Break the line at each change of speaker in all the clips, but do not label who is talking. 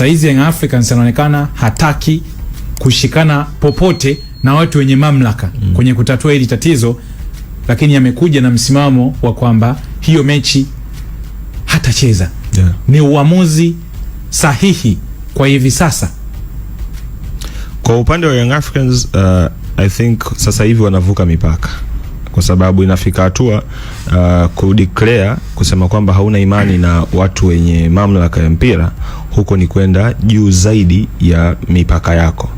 saizi Young Africans anaonekana hataki kushikana popote na watu wenye mamlaka mm. kwenye kutatua hili tatizo, lakini amekuja na msimamo wa kwamba hiyo mechi hatacheza yeah. Ni uamuzi sahihi kwa hivi sasa
kwa upande wa Young Africans. Uh, I think sasa hivi wanavuka mipaka kwa sababu inafika hatua uh, kudeclare kusema kwamba hauna imani na watu wenye mamlaka ya mpira, huko ni kwenda juu zaidi ya mipaka yako.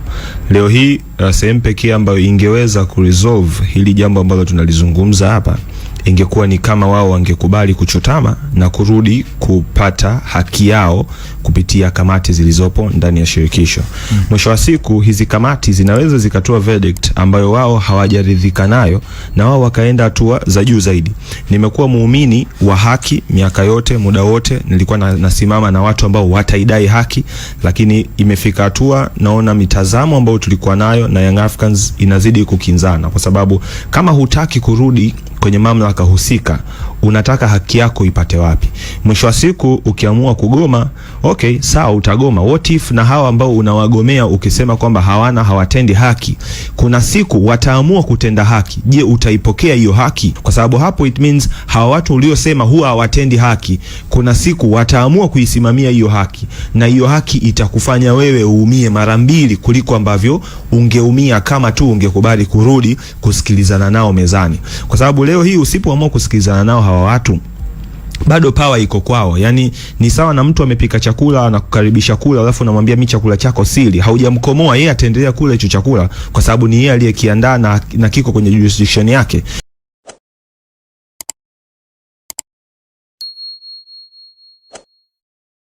Leo hii uh, sehemu pekee ambayo ingeweza kuresolve hili jambo ambalo tunalizungumza hapa ingekuwa ni kama wao wangekubali kuchotama na kurudi kupata haki yao kupitia kamati zilizopo ndani ya shirikisho. Mm. wa siku hizi kamati zinaweza zikatoa verdict ambayo wao hawajaridhika nayo na wao wakaenda hatua za juu zaidi. Nimekuwa muumini wa haki miaka yote, muda wote nilikuwa na, nasimama na watu ambao wataidai haki, lakini imefika hatua naona mitazamo nidhamu ambayo tulikuwa nayo na Young Africans inazidi kukinzana, kwa sababu kama hutaki kurudi kwenye mamlaka husika, unataka haki yako ipate wapi? Mwisho wa siku ukiamua kugoma, okay, sawa, utagoma. What if na hawa ambao unawagomea ukisema kwamba hawana hawatendi haki, kuna siku wataamua kutenda haki. Je, utaipokea hiyo haki? Kwa sababu hapo it means hawa watu uliosema huwa hawatendi haki, kuna siku wataamua kuisimamia hiyo haki, na hiyo haki itakufanya wewe uumie mara mbili kuliko ambavyo ungeumia kama tu ungekubali kurudi kusikilizana nao mezani, kwa sababu leo hii usipoamua kusikilizana nao hawa watu bado pawa iko kwao. Yani ni sawa na mtu amepika chakula na kukaribisha kula, alafu unamwambia mi chakula chako sili, haujamkomoa yeye, ataendelea kula hicho chakula kwa sababu ni yeye aliyekiandaa na, na kiko kwenye jurisdiction yake.